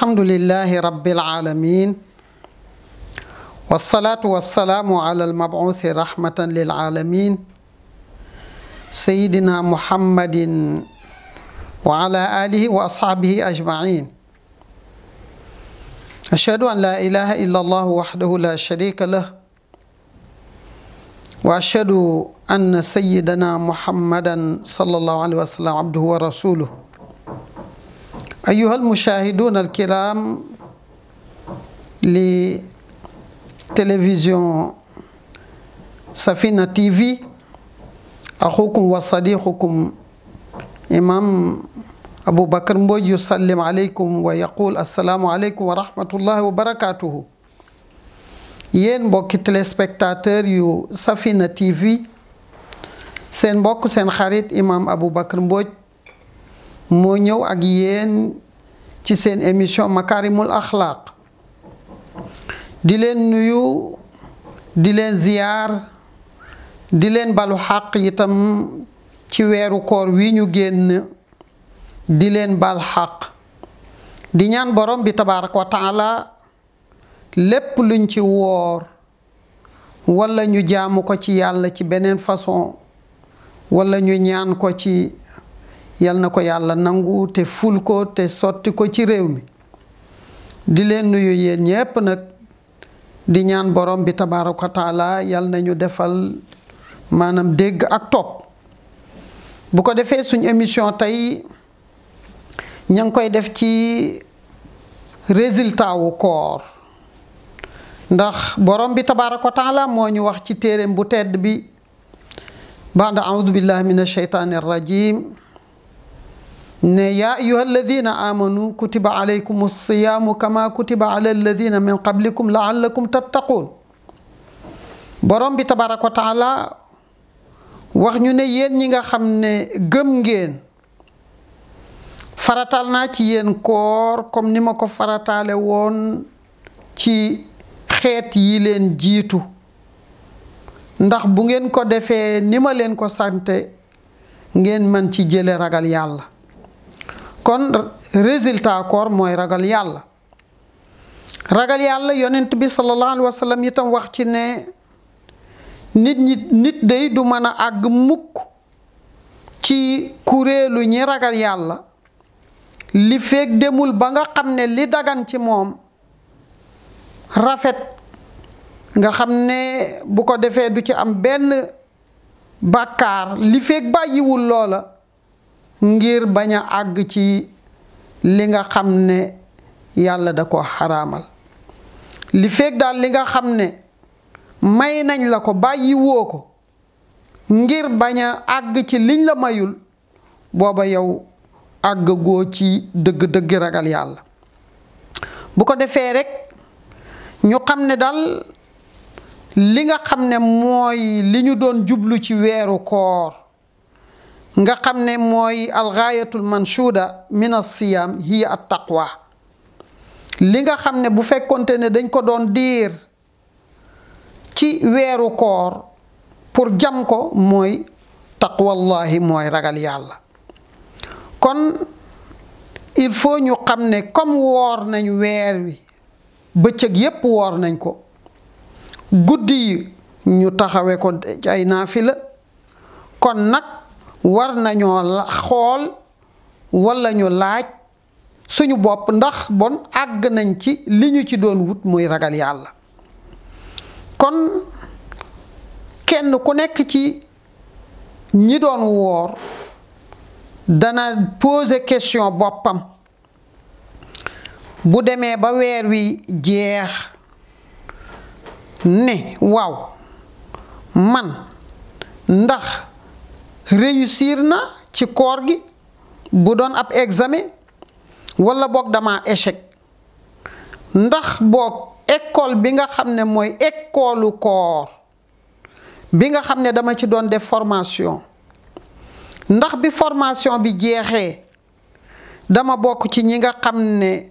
الحمد لله رب العالمين والصلاة والسلام على المبعوث رحمة للعالمين سيدنا محمد وعلى آله وأصحابه أجمعين أشهد أن لا إله إلا الله وحده لا شريك له وأشهد أن سيدنا محمدا صلى الله عليه وسلم عبده ورسوله أيها المشاهدون الكرام لتلفزيون سفينة تي في أخوكم وصديقكم إمام أبو بكر مبوي يسلم عليكم ويقول السلام عليكم ورحمة الله وبركاته yéen mbokki téléspectateur yu Safina TV بوكو mbokk seen xarit imam بكر Mbodj moo ñëw ak yéen ci seen émission makarimul axlaaq di leen nuyu di leen ziyaar di leen balu xàq yitam ci weeru koor wi ñu génn di leen bal xàq di ñaan borom bi tabaaraka taala lépp luñ ci woor walla ñu jaamu ko ci yàlla ci beneen façon wala ñu ñaan ko ci yal na ko yàlla nangu te ful ko te sotti ko ci réew mi di leen nuyu yéen ñépp nag di ñaan borom bi tabaaraka taala yal nañu defal maanaam dégg ak topp bu ko defee suñ émission tey ña ngi koy def ci résultat wu koor ndax borom bi tabaaraka taala moo ñu wax ci téereem bu tedd bi baada audu billahi min alsheytaani arrajim ne yaa ayuha alladina amanu kutiba alaykum alsiyaamu kama kutiba ala alladina min qablikum laallakum tattaquun borom bi tabarako wa taala wax ñu ne yéen ñi nga xam ne gëm ngeen farataal naa ci yéen koor comme ni ma ko farataale woon ci xeet yi leen jiitu ndax bu ngeen ko defee ni ma leen ko sante ngeen mën ci jële ragal yàlla kon résultat koor mooy ragal yàlla ragal yàlla yonent bi sallallahu alayhi wa sallam itam wax ci ne nit ñi nit day du mën a àgg mukk ci kuréelu ñi ragal yàlla li feeg demul ba nga xam ne li dagan ci moom rafet nga xam ne bu ko defee du ci am benn bàkkaar li feeg bàyyiwul loola ngir bañ a àgg ci li nga xam ne yàlla da ko xaraamal li feeg daal li nga xam ne may nañ la ko bàyyiwoo ko ngir bañ a àgg ci liñ la mayul booba yow àgg goo ci dëgg-dëgg ragal yàlla bu ko defee rekk ñu xam ne daal li nga xam ne mooy li ñu doon jublu ci weeru koor nga xam ne mooy alxaayatul manchuuda min alsiyaam hiya at taqwa li nga xam ne bu fekkonte ne dañ ko doon diir ci weeru koor pour jam ko mooy taqwallahi mooy ragal yàlla kon il faut ñu xam ne comme woor nañ weer wi bëccëg yépp woor nañ ko guddi yi ñu taxawe ko ci ay naafila kon nag war nañoo xool wala ñu laaj suñu bopp ndax bon àgg nañ ci li ñu ci doon wut muy ragal yàlla kon kenn ku nekk ci ñi doon woor dana poser question boppam bu demee ba weer wi jeex ne waaw man ndax réussir na ci koor gi bu doon ab examen wala boog dama échec ndax boog école bi nga xam ne mooy école koor bi nga xam ne dama ci doon def formation ndax bi formation bi jeexee dama bokk ci ñi nga xam ne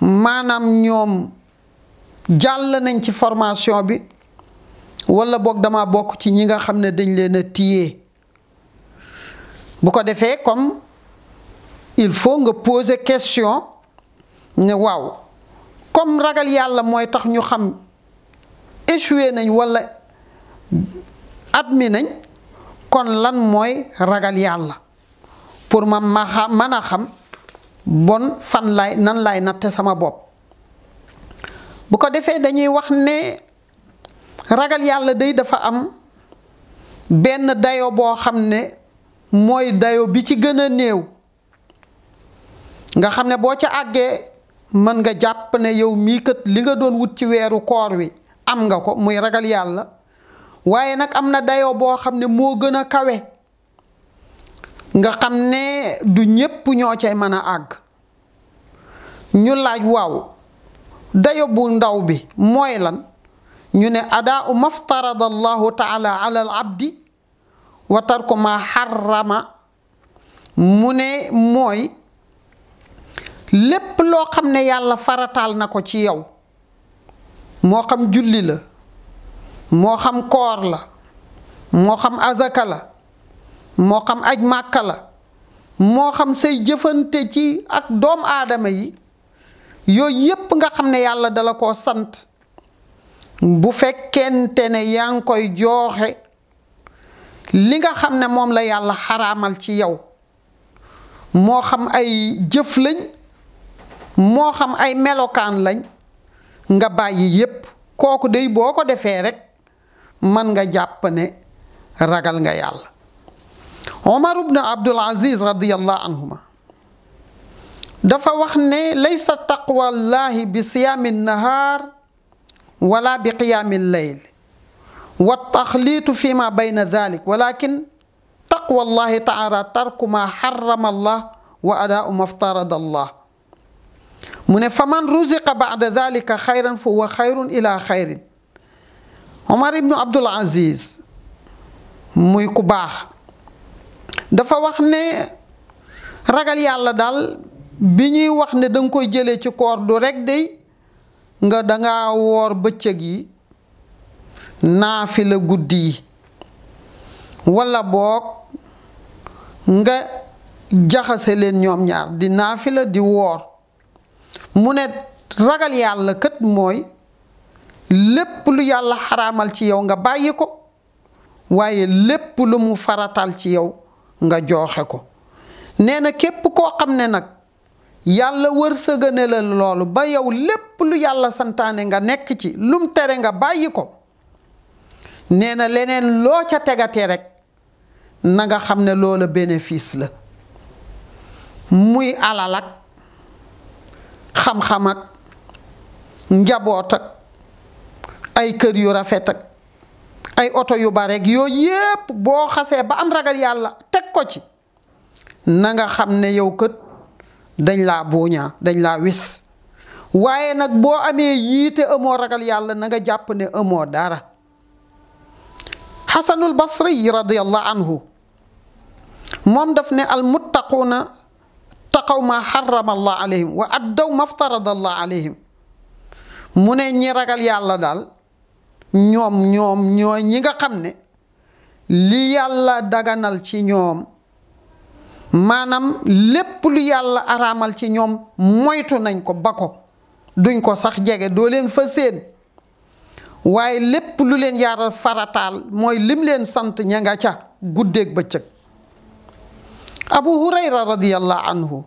maanaam ñoom jàll nañ ci formation bi wala boog dama bokk ci ñi nga xam ne dañ leen a tiye Beaucoup de faits comme il faut nga poser question ne waaw comme ragal yalla moy tax ñu xam échoué nañ wala admis nañ kon lan moy ragal yalla pour ma ma mën xam bon fan lay nan lay natte sama bop bu ko defee dañuy wax né ragal yalla day dafa am ben dayo bo xamné mooy dayo bi ci gën a néew nga xam ne boo ca àggee mën nga jàpp ne yow mii kat li nga doon wut ci weeru koor wi am nga ko muy ragal yàlla waaye nag am na dayo boo xam ne moo gën a kawe nga xam ne du ñépp ñoo cay mën a àgg ñu laaj waaw dayo bu ndaw bi mooy lan ñu ne adaa u maftarada allahu taala ala abdi wa tarku ma xarama mu ne mooy lépp loo xam ne yàlla faratal na ko ci yow moo xam julli la moo xam koor la moo xam azaka la moo xam aj màkka la moo xam say jëfante ci ak doomu aadama yi yooyu yépp nga xam ne yàlla dala koo sant bu fekkente ne yaa ngi koy jooxe li nga xamne mom la yàlla haramal ci yow mo xam ay jëf lañ mo xam ay melokan lañ nga bàyyi yépp koku day boko défé rek man nga jàpp ne ragal nga yàlla omar ibn abdul aziz radiallahu anhuma dafa wax ne laysa taqwallahi bi siyaami nahaar wala bi qiyaami leyl والتخليط فيما بين ذلك ولكن تقوى الله تعالى ترك ما حرم الله وأداء ما افترض الله من فمن رزق بعد ذلك خيرا فهو خير إلى خير عمر بن عبد العزيز موي ku baax dafa wax ne ragal yàlla daal bi ñuy wax ne danga koy jëlee ci koor nga danga bëccëg yi la guddi yi wala boog nga jaxase leen ñoom ñaar di naafila di woor mu ne ragal yàlla kat mooy lépp lu yàlla xaraamal ci yow nga bàyyi ko waaye lépp lu mu faratal ci yow nga jooxe ko nee na képp koo xam ne nag yàlla wër wërsëgane la loolu ba yow lépp lu yàlla santaane nga nekk ci lum tere nga bàyyi ko nee na leneen loo ca tegatee rek na nga xam ne loola bénéfice la muy alal ak xam-xam ak njaboot ak ay kër yu rafet ak ay oto yu bare ak yooyu yépp boo xasee ba am ragal yàlla teg ko ci na nga xam ne yow kët dañ laa buuñaa dañ laa wis waaye nag boo amee yiite amoo ragal yàlla na nga jàpp ne amoo dara الحسن البصري رضي الله عنه موم دافنا المتقون تقوا ما حرم الله عليهم وادوا ما افترض الله عليهم من ني راغال يالا دال نيوم نيوم نيو نيغا خامني لي يالا داغانال سي نيوم مانام لب لي يالا ارامال سي نيوم مويتو نانكو باكو دونكو صاح جيغي دولين فاسين waye lepp lu len yaral faratal moy lim len sant ñanga ca guddeeg bëccëg abu hurayra radiyallahu anhu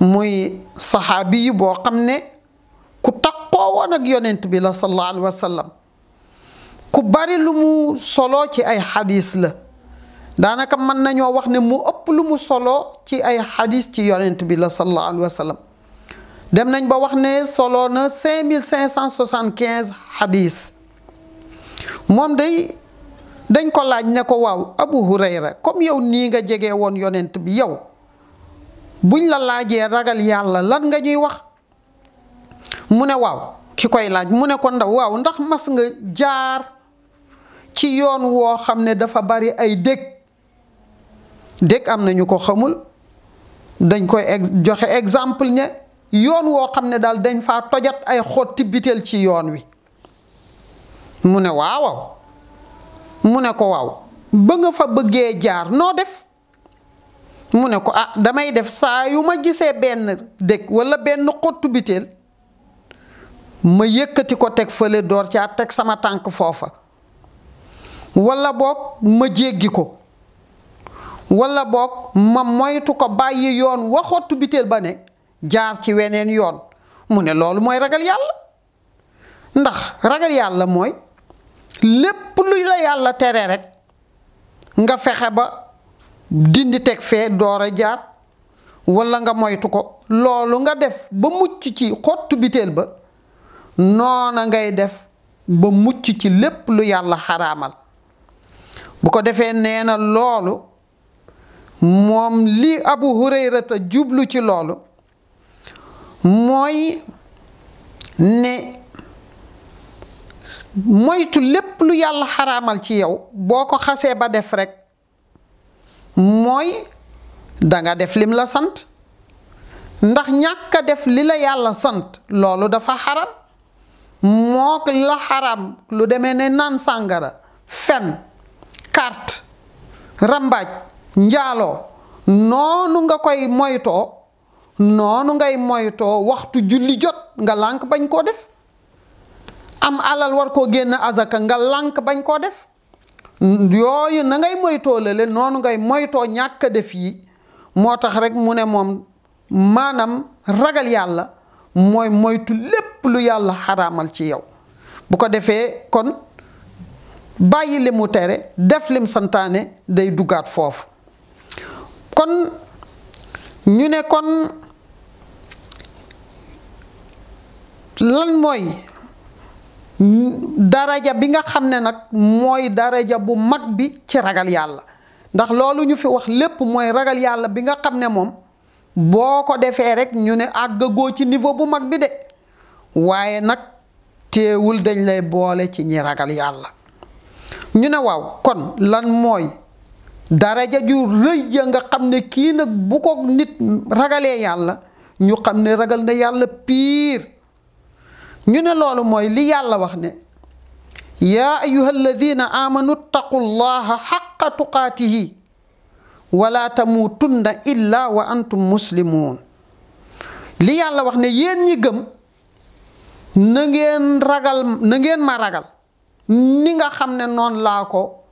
moy sahabi bo boo ne ku takko won ak yonent bi la sallallahu alaihi wa sallam ku bari lu mu solo ci ay hadith la danaka man nañoo wax ne mu upp lu mu solo ci ay hadith ci yonent bi la sallallahu alaihi wa sallam dem nañ ba wax ne solo na cinq mille cinq cent soixante quinze hadis moom day dañ ko laaj ne ko waaw Abu Hurayra comme yow nii nga jege woon yonent bi yow buñ la laajee ragal yàlla lan nga ñuy wax mu ne waaw ki koy laaj mu ne ko ndaw waaw ndax mas nga jaar ci yoon woo xam ne dafa bari ay dég dég am nañu ko xamul dañ koy joxe exemple ne yoon woo xam ne daal dañ faa tojat ay xotti biteel ci yoon wi mu ne waawaw mu ne ko waaw ba nga fa bëggee jaar noo def mu ne ko ah damay def saa yu ma gisee benn dëkk walla benn xottu biteel ma yëkkati ko teg fële door caa teg sama tànk foofa walla boog ma jéggi ko walla boog ma moytu ko bàyyi yoon wa xottu biteel ba ne jaar ci weneen yoon mu ne loolu mooy ragal yàlla ndax ragal yàlla mooy lépp lu la yàlla tere rek nga fexe ba dindi teg fee door a jaar wala nga moytu ko loolu nga def ba mucc ci xottu biteel ba noona ngay def ba mucc ci lépp lu yàlla xaraamal bu ko defee nee na loolu moom li abu hurayrata jublu ci loolu mooy ne moytu lépp lu yàlla xaramal ci yow boo ko xasee ba def rekk mooy danga def lim la sant ndax ñàkk a def li la yàlla sant loolu dafa xaram moo la xaram lu deme ne naan sàngara fen kart rambaaj njaaloo noonu nga koy moytoo noonu ngay moytoo waxtu julli jot nga lànk bañ koo def am alal war koo génn azaka nga lànk bañ koo def yooyu na ngay moytoo lale noonu ngay moytoo ñàkk def yi moo tax rek mu ne moom maanaam ragal yàlla mooy moytu lépp lu yàlla xaraamal ci yow bu ko defee kon bàyyi li mu tere def lim santaane day duggaat foofu kon ñu ne kon lan mooy daraja bi nga xam ne nag mooy daraja bu mag bi ci ragal yàlla ndax loolu ñu fi wax lépp mooy ragal yàlla bi nga xam ne moom boo ko defee rek ñu ne àggagoo ci niveau bu mag bi de waaye nag teewul dañ lay boole ci ñi ragal yàlla ñu ne waaw kon lan mooy daraja ju rëy nga xam ne kii nag bu ko nit ragalee yàlla ñu xam ne ragal na yàlla piir ñune ne loolu mooy li yàlla wax ne yaa ayuha alladina amanu taqullaha xaqa tuqaatihi wala tamutunna illa wa antum muslimun li yàlla wax ne yéen ñi gëm na ngeen ragal na ngeen ma ragal ni nga xam ne noonu laa ko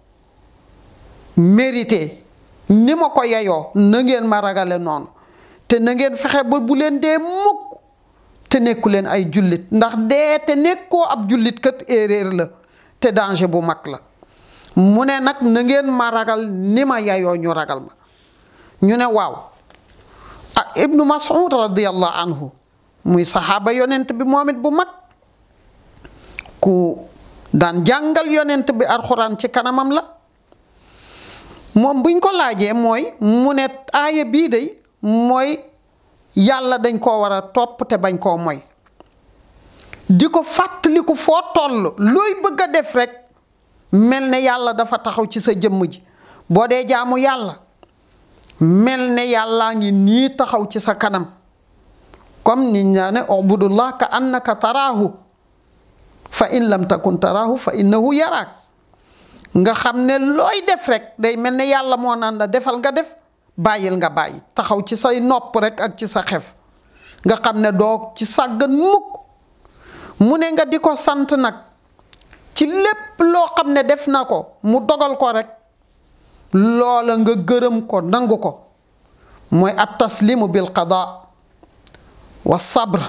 mérité ni ma ko yeyoo na ngeen ma ragale noonu te na ngeen fexe ba bu leen dee mukk te nekku leen ay jullit ndax dee te nekkoo ab jullit kat erreur la te danger bu mag la mu ne nag na ngeen ma ragal ni ma yayoo ñu ragal ma ñu ne waaw ah ibnu mas'ud radiyallahu anhu muy saxaaba yonent bi moom it bu mag ku daan jàngal yonent bi alxuraan ci kanamam la moom buñ ko laajee mooy mu ne aaya bii day mooy yàlla dañ koo war a topp te bañ koo moy di ko fàttaliku foo toll looy bëgg a def rekk mel ne yàlla dafa taxaw ci sa jëmm ji boo dee jaamu yàlla mel ne yàllaa ngi nii taxaw ci sa kanam comme nit ñaa ne ubudullah ka annaka taraahu fa in lam takun taraahu fa innahu yaraak nga xam ne looy def rek day mel ne yàlla moo naan la defal nga def bàyyil nga bàyyi taxaw ci say nopp rekk ak ci sa xef nga xam ne doo ci sàggan mukk mu ne nga di ko sant nag ci lépp loo xam ne def na ko mu dogal ko rekk loola nga gërëm ko nangu ko mooy at tas taslimu bil qadaa wa sabr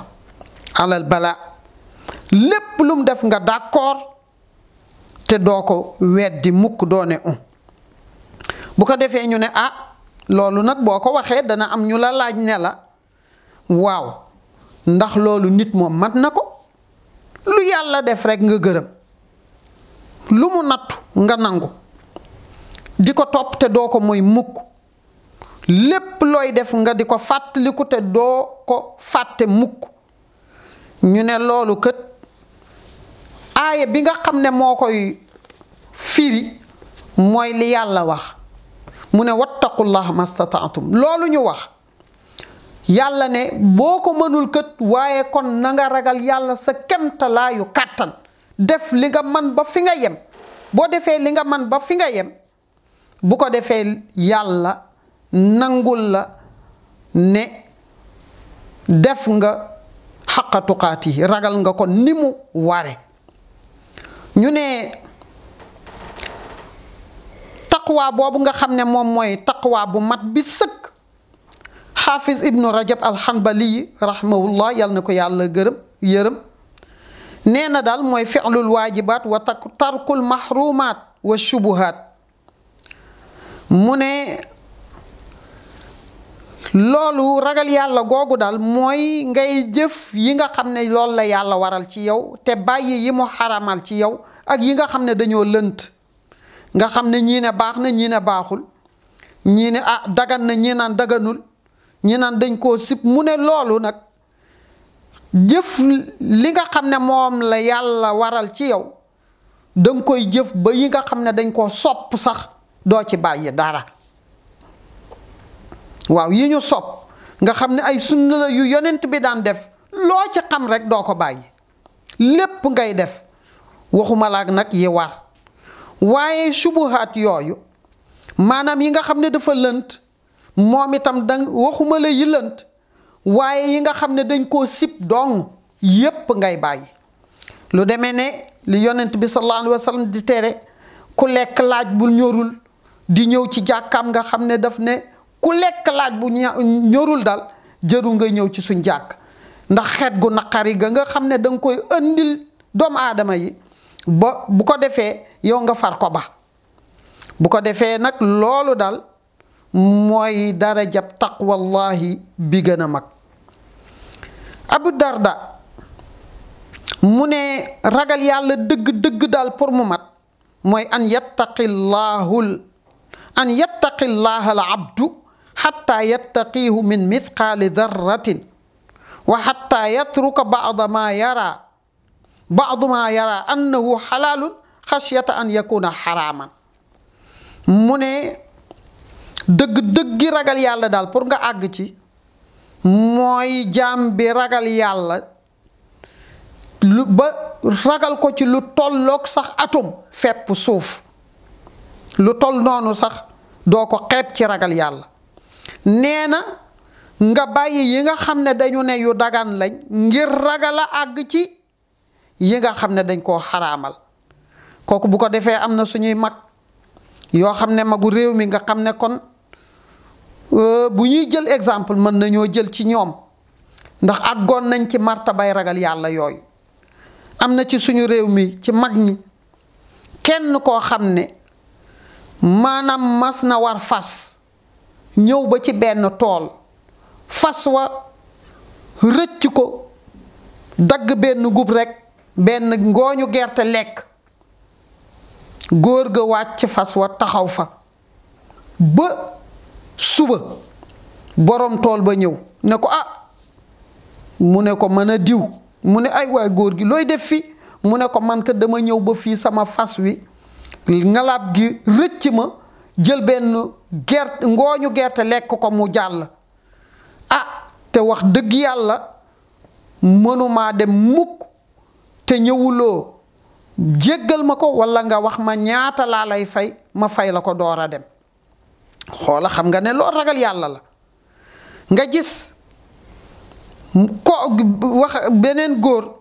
alal balaa lépp lum def nga d'accord te doo ko weddi mukk doone um bu ko defee ñu ne ah loolu nag boo ko waxee dana am ñu la laaj ne la waaw ndax loolu nit moom mat na ko lu yàlla def rekk nga gërëm lu mu nattu nga nangu di ko topp te doo ko mooy mukk lépp looy def nga di ko fàttaliku te doo ko fàtte mukk ñu ne loolu kët aaya bi nga xam ne moo koy firi mooy li yàlla wax mu ne wattaqullah mastataatum loolu ñu wax yàlla ne boo ko mënul kët waaye kon na nga ragal yàlla sa kemtalaayu kàttan def li nga man ba fi nga yem boo defee li nga man ba fi nga yem bu ko defee yàlla nangul la ne def nga xaqatuqaat yi ragal nga ko ni mu ware ñu ne taqwa boobu nga xam ne moom mooy taqwa bu mat bi sëkk xaafis ibnu rajab alxanbali rahmahullah yal na ko yàlla gërëm yërëm nee na daal mooy filul waajibaat wa tarkul mahrumaat wa shubuhaat mu ne loolu ragal yàlla googu daal mooy ngay jëf yi nga xam ne loolu la yàlla waral ci yow te bàyyi yi mu xaramal ci yow ak yi nga xam ne dañoo lënt nga xam ne ñii ne baax na ñii baaxul ñii ne ah dagan na ñii naan daganul ñii dañ koo sib mu ne loolu nag jëf li nga xam ne moom la yàlla waral ci yow danga koy jëf ba yi nga xam ne dañ koo sopp sax doo ci bàyyi dara waaw yi ñu sopp nga xam ne ay sunna la yu yonent bi daan def loo ci xam rek doo ko bàyyi lépp ngay def waxuma laak nag yi war waaye subuhaat yooyu maanaam yi nga xam ne dafa lënt moom itam da waxuma la yi lënt waaye yi nga xam ne dañ koo sib dong yépp ngay bàyyi lu demee ne li yonent bi sallallahu alayhi di tere ku lekk laaj bu ñorul di ñëw ci jàkkam nga xam ne daf ne ku lekk laaj bu ñorul dal jëru nga ñëw ci suñ jàkk ndax xeet gu naqari ga nga xam ne danga koy andil doomu aadama yi bu ko defé yow nga far ko ba bu ko defé nak lolu dal jab taqwa allah bi gëna mak abu darda mune ragal yàlla deug deug dal pour mu mat moy an yattaqillaahul an yattaqillaha al abdu xatta yattaqiihu min misqaali darratin wa xatta yatruka bada baaduma yara annahu xalaalun xasiyata an yakuna xaraaman mu ne dëgg dëggi ragal yàlla daal pour nga àgg ci mooy jaam bi ragal yàlla lu ba ragal ko ci lu tolloog sax atum feppu suuf lu toll noonu sax doo ko xeeb ci ragal yàlla nee na nga bàyyi yi nga xam ne dañu ne yu dagan lañ ngir ragala àgg ci yi nga xam ne dañ koo xaraamal kooku bu ko defee am na suñuy mag yoo xam ne magu réew mi nga xam ne kon euh, bu ñuy jël exemple mën nañoo jël ci ñoom ndax àggoon nañ ci bay ragal yàlla yooyu am na ci suñu réew mi ci mag ñi kenn koo xam ne maanaam mas na war fas ñëw ba ci benn tool fas wa rëcc ko dagg benn gub rekk benn ngooñu gerte lekk góor ga wàcc fas wa taxaw fa ba suba borom tool ba ñëw ne ko a ah! mu ne ko mën a diw mu ne ay waay góor gi looy def fi mu ne ko man ka dama ñëw ba fii sama fas wi ngalaab gi rëcc ma jël benn gerte ngooñu gerte lekk ko mu jàll a ah, te wax dëgg yàlla mënumaa dem mukk te ñewulo jéggal mako, wala nga wax ma ñaata la lay fay ma fay la ko doora dem xol xam nga ne lo ragal yalla la nga gis ko wax benen góor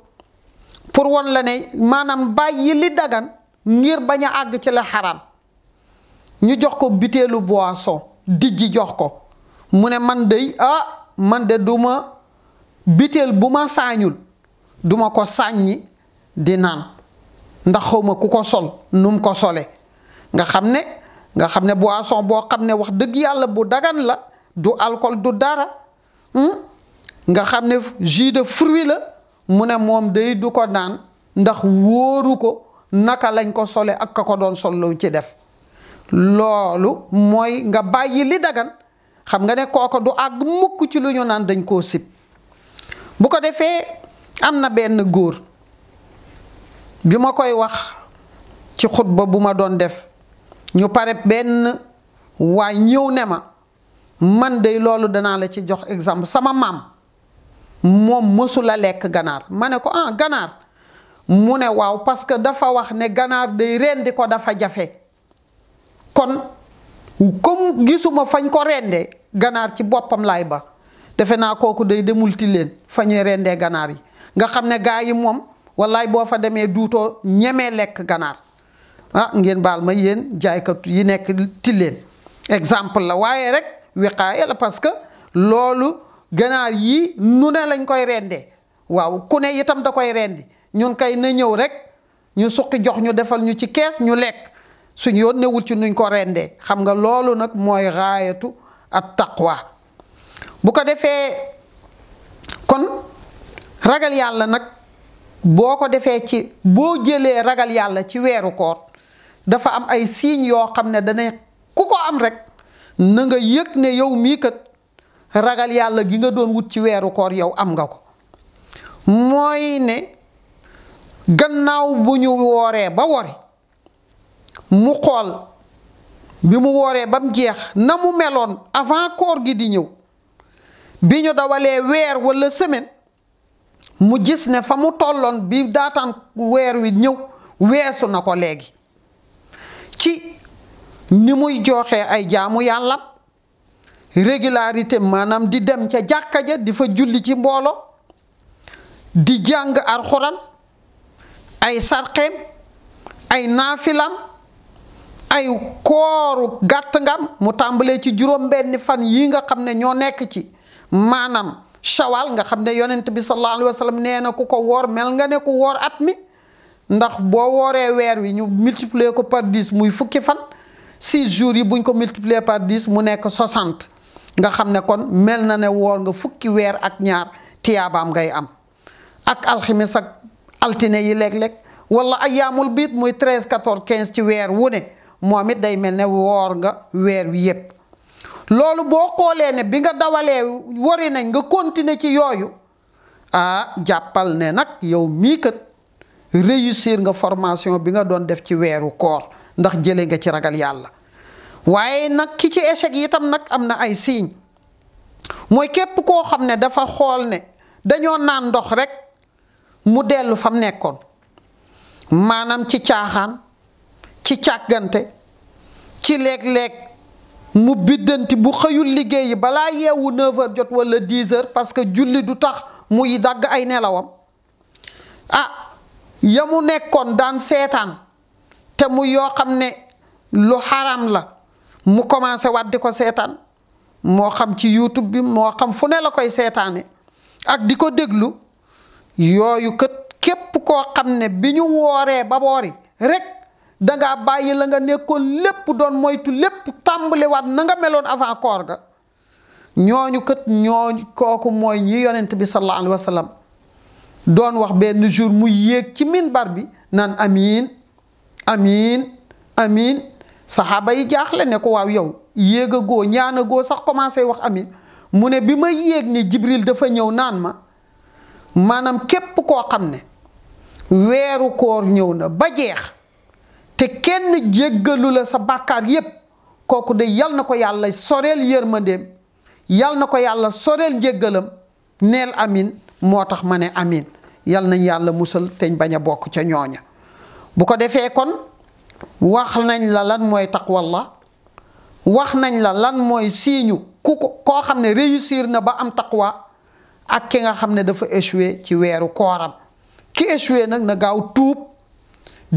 pour won la ne maanaam li dagan ngir baña ag ci la haram ñu jox ko butéelu boisson dijji jox ko mune man dey ah man de duma bitel buma sañul duma ko sañi di naan ndax xawma ku ko sol num ko solee nga xam ne nga xam ne boisson boo xam ne wax dëgg yàlla bu dagan la du alcool du dara hmm? nga xam ne jus de fruit la mu ne moom day du ko naan ndax wóoru ko naka lañ ko sole ak ka ko doon sol lu ci def loolu mooy nga bàyyi li dagan xam nga ne kooko du àgg mukk ci lu ñu naan dañ koo sib bu ko defee am na benn góor bi ma koy wax ci xut ba bu ma doon def ñu pare benn waay ñëw ne ma man de loolu danaa la ci jox exemple sama maam moom mësula lekk ganaar ma ne ko ah ganaar mu ne waaw parce que dafa wax ne ganaar day rendi ko dafa jafe kon comme gisuma fañ ko rendee ganaar ci boppam laay ba defe naa kooku day demul ti leen fa ñuy rendee ganaar yi nga xam ne gaa yi moom wallaay boo fa demee duutoo ñemee lekk ganaar ah ngeen baal ma yéen jaaykatu yi nekk tilleen exemple la waaye rek wiqaaya la parce que loolu ganaar yi nu ne lañ koy rendee waaw ku ne itam da koy rendi ñun kay na ñëw rek ñu suqi jox ñu defal ñu ci kees ñu lekk suñ yoon newul ci nuñ ko rendee xam nga loolu nag mooy raayatu at taqwa bu ko defee kon ragal yàlla nag boo ko defee ci boo jëlee ragal yàlla ci weeru koor dafa am ay signes yoo xam ne dana ku ko am rek na nga yëg ne yow mii kat ragal yàlla gi nga doon wut ci weeru koor yow am nga ko mooy ne gannaaw bu ñu wooree ba wori mu xool bi mu wooree ba mu jeex na mu meloon avant koor gi di ñëw bi ñu dawalee weer walla semaine mu gis ne fa mu tolloon bi daataan weer wi ñëw weesu na ko léegi ci ni muy joxe ay jaamu yàllam régularité maanaam di dem ca jàkka ja di julli ci mbooloo di jàng alxuraan ay sarxeem ay naafilam ay kooru gàtt ngam mu tàmbalee ci juróom benni fan yi nga xam ne ñoo nekk ci maanaam shawal nga xam ne yonent bi sallallahu alayhi wa nee na ku ko woor mel nga ne ku woor at mi ndax boo wooree weer wi ñu multiplier ko par 10 muy fukki fan 6 jours yi buñ ko multiplier par 10 mu nekk 60 nga xam ne kon mel na ne woor nga fukki weer ak ñaar tiyaabaam ngay am ak alximis ak altine yi léeg-léeg wala ayyaamul biit muy 13 14 quinze ci weer wu ne moom it day mel ne woor nga weer wi yépp loolu boo xoolee ne bi nga dawalee wari nañ nga continuer ci yooyu ah jàppal ne nag yow mii kat réussir nga formation bi nga doon def ci weeru koor ndax jële nga ci ragal yàlla waaye nag ki ci échec yi tam nag am na ay signes mooy képp koo xam ne dafa xool ne dañoo naan ndox rek mu dellu fam nekkoon maanaam ci caaxaan ci càggante ci léeg-léeg mu biddanti bu xëyul liggéeyi balaa yeewu 9 jot wala 10h parce que julli du tax muy dagg ay nelawam ah ya mu nekkoon daan seetaan te mu yoo xam ne lu xaram la mu commencé waat di ko seetaan moo xam ci YouTube bi moo xam fu ne la koy seetaane ak di ko déglu yooyu kët képp koo xam ne bi ñu wooree ba boori rek dangaa bàyyi la nga nekkoon lépp doon moytu lépp tàmbaliwaat na nga meloon avant koor ga ñooñu kët ñooñu kooku mooy ñi yonent bi sallallahu alayhi wa sallam doon wax benn jour mu yéeg ci minbar bi naan amiin amiin amiin saxaaba yi jaaxle ne ko waaw yow yéeg a goo ñaan a sax commencé wax amiin mu ne bi ma yéeg ni Jibril dafa ñëw naan ma maanaam képp koo xam ne weeru koor ñëw na ba jeex te kenn jéggalu la sa bàkkaar yépp kooku de yal na ko yàlla soreel yërmandeem yal na ko yàlla soreel njéggalam neel amin moo tax ma ne amin yal nañ yàlla musal teñ bañ a bokk ca ñooña bu ko defee kon wax nañ la lan mooy taqwallah wax nañ la lan mooy siiñu ku ko koo xam ne réussir na ba am taqwa ak ki nga xam ne dafa échoué ci weeru kooram ki échoué nag na gaaw tuub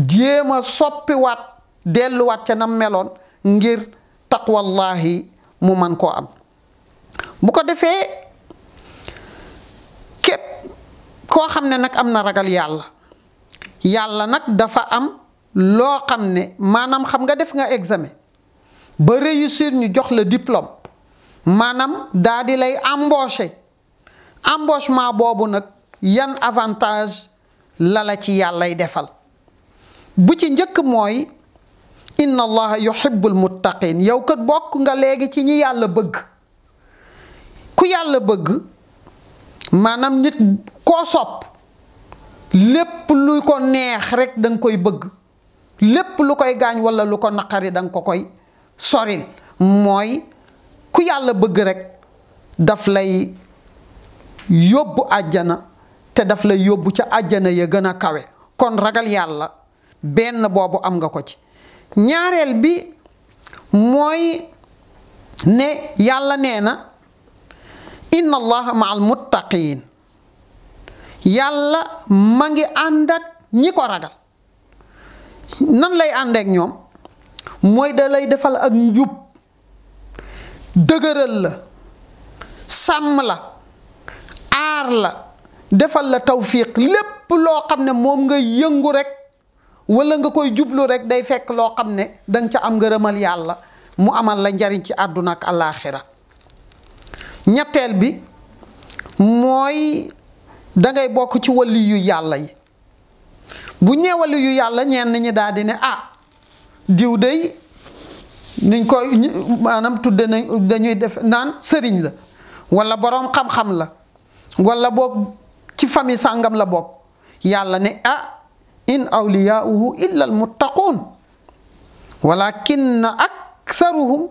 jéem a soppiwaat delluwaat ca nam meloon ngir taqwallahi mu man koo am bu ko defee képp koo xam ne nag am na ragal yàlla yàlla nag dafa am loo xam ne maanaam xam nga def nga examen ba réussir ñu jox la diplôme maanaam daa di lay embauché embauchement boobu nag yan avantage la la ci yàllay defal bu ci njëkk mooy inna allaha yuhibbul muttaqin yow kat bokk nga léegi ci ñi yàlla bëgg ku yàlla bëgg maanaam nit koo sopp lépp lu ko neex rek danga koy bëgg lépp lu koy gaañ wala lu ko naqari danga ko koy soril mooy ku yàlla bëgg rekk daf lay yóbbu àjjana te daf lay yóbbu ca àjjana ya gën a kawe kon ragal yàlla benn boobu am nga ko ci ñaareel bi mooy ne yàlla nee na inna allaha ma'al muttaqiin yàlla ma ngi ànd ak ñi ko ragal nan lay àndeek ñoom mooy da lay defal ak njub dëgëral la sàmm la aar la defal la tawfiq lépp loo xam ne moom nga yëngu rekk wala nga koy jublu rek day fekk loo xam ne danga ca am ngërëmal yàlla mu amal la njariñ ci àdduna ak alaaxira ñetteel bi mooy dangay bokk ci wali yu yàlla yi bu ñee yàlla ñeen ñi daal di ne ah diw day niñ koy maanaam tudde nañ dañuy def naan sëriñ la wala boroom xam-xam la walla boog ci famille sàngam la bokk yàlla ne ah in awliyaauhu illa almuttaquun walakinna aktharuhum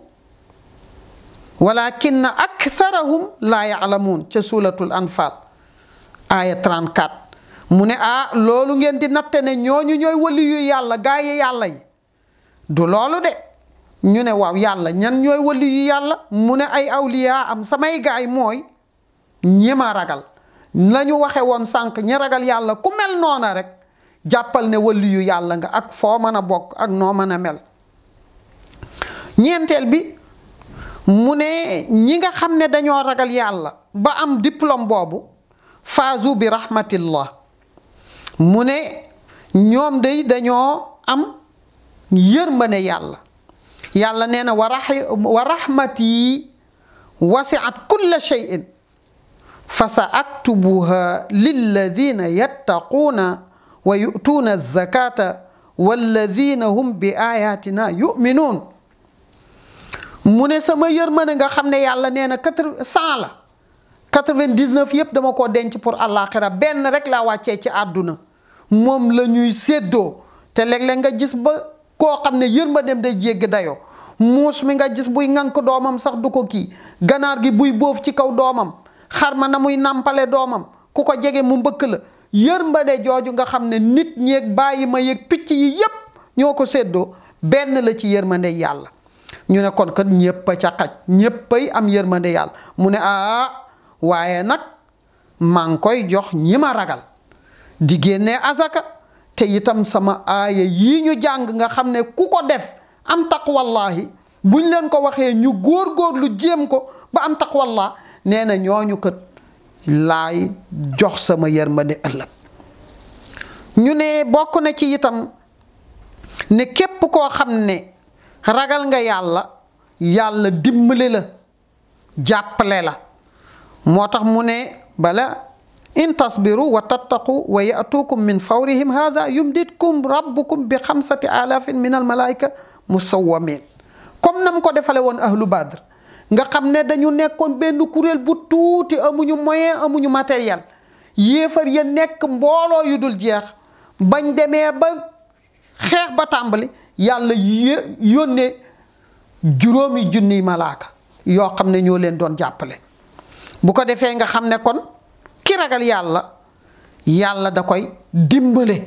walakinna aktharahum laa yaclamuun ca suuratul anfaal aaya 34 mu ne ah loolu ngeen di natte ne ñooñu ñooy waliyu yàlla gaa yàlla yi du loolu de ñu ne waaw yàlla ñan ñooy waliyu yàlla mu ne ay awliyaa am samay gaay mooy ñi ma ragal nañu waxe woon sànq ñi ragal yàlla ku mel noona rek jàppal ne wàllu yu yàlla nga ak fo meuna bok ak no meuna mel ñentel bi mu ne ñi nga xamne dañu ragal yàlla ba am diplôme bobu fazu bi rahmatillah mu ne ñoom day am yërmane yàlla yàlla neena wa rahmati wasiat kulla shay'in fasa'aktubuha lil aktubuha yattaquna wa yu'tuuna zakata walladina hum bi ayatina yuminuun mu ne sama yërmande nga xam ne yàlla nee na quatre cent la quatre vingt yëpp dama ko denc pour àllaaxira benn rek laa wàccee ci àdduna moom la ñuy séddoo te léeg nga gis ba koo xam ne dem day jégg dayoo muus mi nga gis buy ŋànk doomam sax du ko kii ganaar gi buy bóof ci kaw doomam xar ma na muy nàmpale doomam ku ko jege mu mbëkk la yërmande jooju nga xam ne nit ñeeg bàyyi ma yeeg picc yi yépp ñoo ko séddoo benn la ci yërmande yàlla ñu ne kon kat ñépp a ca xaj ñéppay am yërmande yàlla mu ne aa ah, waaye nag maa ngi koy jox ñi ma ragal di génnee azaka te itam sama aaya yi ñu jàng nga xam ne ku ko def am taqwallaahi buñ leen ko waxee ñu góor góor lu jéem ko ba am taqwallaa nee na ñooñu kat laay jox sama yërmande ëllëg ñu ne bokk na ci itam ne képp koo xam ne ragal nga yàlla yàlla dimbale la jàppale la moo tax mu ne bala in tasbiru wa tattaqu wa yatukum min fawrihim hada yumditkum rabbukum bi xamsati alafin min almalaika musawwamin na mu ko defale woon ahlu badr nga xam ne dañu nekkoon benn kuréel bu tuuti amuñu moyen amuñu matériel yéefar ya nekk mbooloo yu dul jeex bañ demee ba xeex ba tàmbali yàlla yónnee juróomi junniy malaaka yoo xam ne ñoo leen doon jàppale bu ko defee nga xam ne kon ki ragal yàlla yàlla da koy dimbale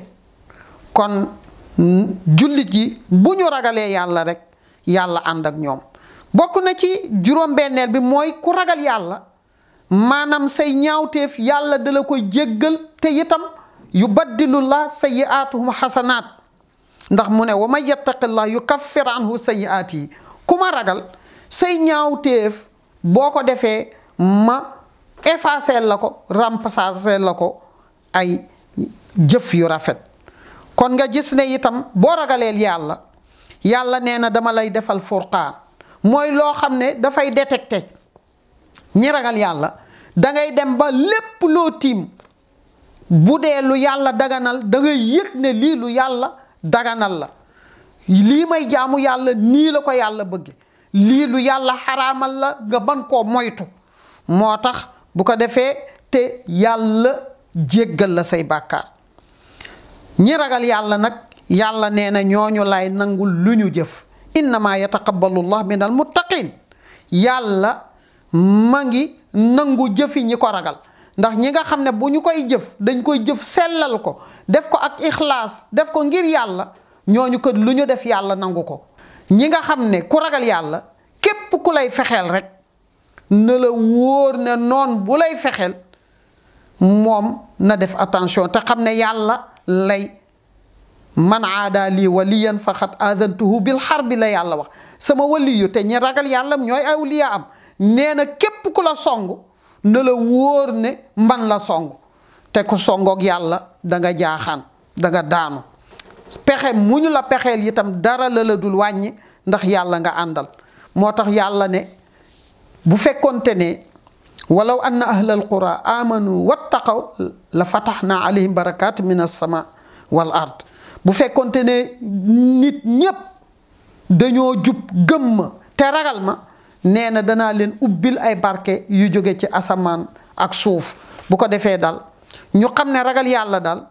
kon jullit yi bu ñu ragalee yàlla rek yàlla ànd ak ñoom bokk na ci juróom-benneel bi mooy ku ragal yàlla maanaam say ñaawteef yàlla da la koy jëggal te itam yubaddilullah sayyi'aatuhum xasanaat ndax mu ne wa yu yattaqillah yukaffir anhu sayyi'aat yi ku ma ragal say ñaawteef boo ko defee ma effacer la ko remplacer la ko ay jëf yu rafet kon nga gis ne itam boo ragaleel yàlla yàlla nee na dama lay defal furqaan mooy loo xam ne dafay détecté ñi ragal yàlla da ngay dem ba lépp loo tiim bu dee lu yàlla daganal da ngay yëg ne lii lu yàlla daganal la lii may jaamu yàlla nii la ko yàlla bëgge lii lu yàlla xaraamal la nga mën koo moytu moo tax bu ko defee te yàlla jéggal la say bàkkaar ñi ragal yàlla nag yàlla nee na ñooñu lay nangul lu ñu jëf innama yataqabbalu llah min al muttaqin yàlla ma ngi nangu jëfi ñi ko ragal ndax ñi nga xam ne bu ñu koy jëf dañ koy jëf sellal ko def ko ak ixlaas def ko ngir yàlla ñooñu kat lu ñu def yàlla nangu ko ñi nga xam ne ku ragal yàlla képp ku lay fexeel rek na la wóor ne noon bu lay fexeel moom na def attention te xam ne yàlla lay man aada lii waliyan faxat aadantuhu bil xarbi la yàlla wax sama waliyu te ñi ragal yàlla ñooy awliya am nee képp ku la song na la wóor ne mban la song te ku songoog yàlla danga jaaxaan danga nga daanu pexe mu ñu la pexeel itam dara la la dul wàññi ndax yàlla nga àndal moo tax yàlla ne bu fekkonte ne walaw anna ahlal qura amanu wattaqaw la fataxnaa alayhim barakaat min alsama wal ard bu fekkonte ne nit ñépp dañoo jub gëm ma te ragal ma nee na danaa leen ubbil ay barke yu jóge ci asamaan ak suuf bu ko defee dal ñu xam ne ragal yàlla dal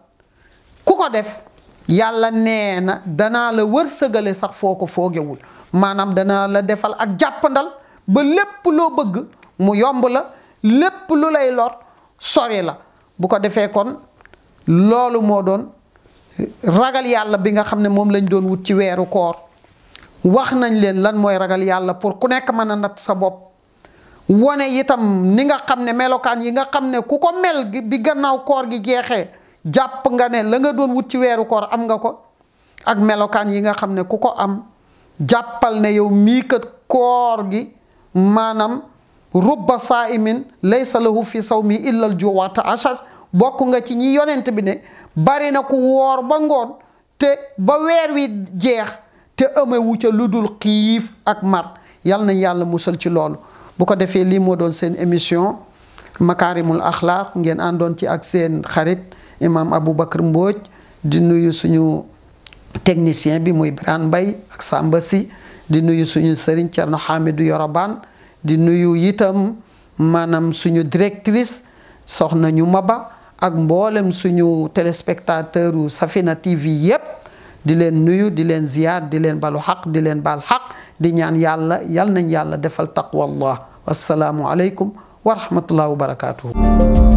ku ko def yàlla nee na danaa la sëgale sax foo ko foogewul maanaam danaa la defal ak jàppandal ba lépp loo bëgg mu yomb la lépp lu lay lot sori la bu ko defee kon loolu moo doon ragal yàlla bi nga xam ne moom lañ doon wut ci weeru koor wax nañ leen lan mooy ragal yàlla pour ku nekk mën a natt sa bopp wone itam ni nga xam ne melokaan yi nga xam ne ku ko mel bi gannaaw koor gi jeexee jàpp nga ne la nga doon wut ci weeru koor am nga ko ak melokaan yi nga xam ne ku ko am jàppal ne yow mii kat koor gi maanaam rubba saa imin laysa lahu fi saw mi illal juwaata achage bokk nga ci ñi yonent bi ne bari na ku woor ba ngoon te ba weer wi jeex te amewu ca lu dul xiif ak mar yal na yàlla musal ci loolu bu ko defee lii moo doon seen émission makaarimul axlaaq ngeen àndoon ci ak seen xarit imaam Aboubacar Mbodj di nuyu suñu technicien bi muy Birane Mbaye ak sàmba si di nuyu suñu sëriñ Thierno Hamidou Yoroban di nuyu itam maanaam suñu directrice soxna ñu Maba ak mboolem suñu téléspectateur u Safina TV yépp di leen nuyu di leen ziyaar di leen balu xaq di leen baal xaq di ñaan yàlla yal nañ yàlla defal taqwallah wassalaamu aleykum wa rahmatullah wa barakatuhu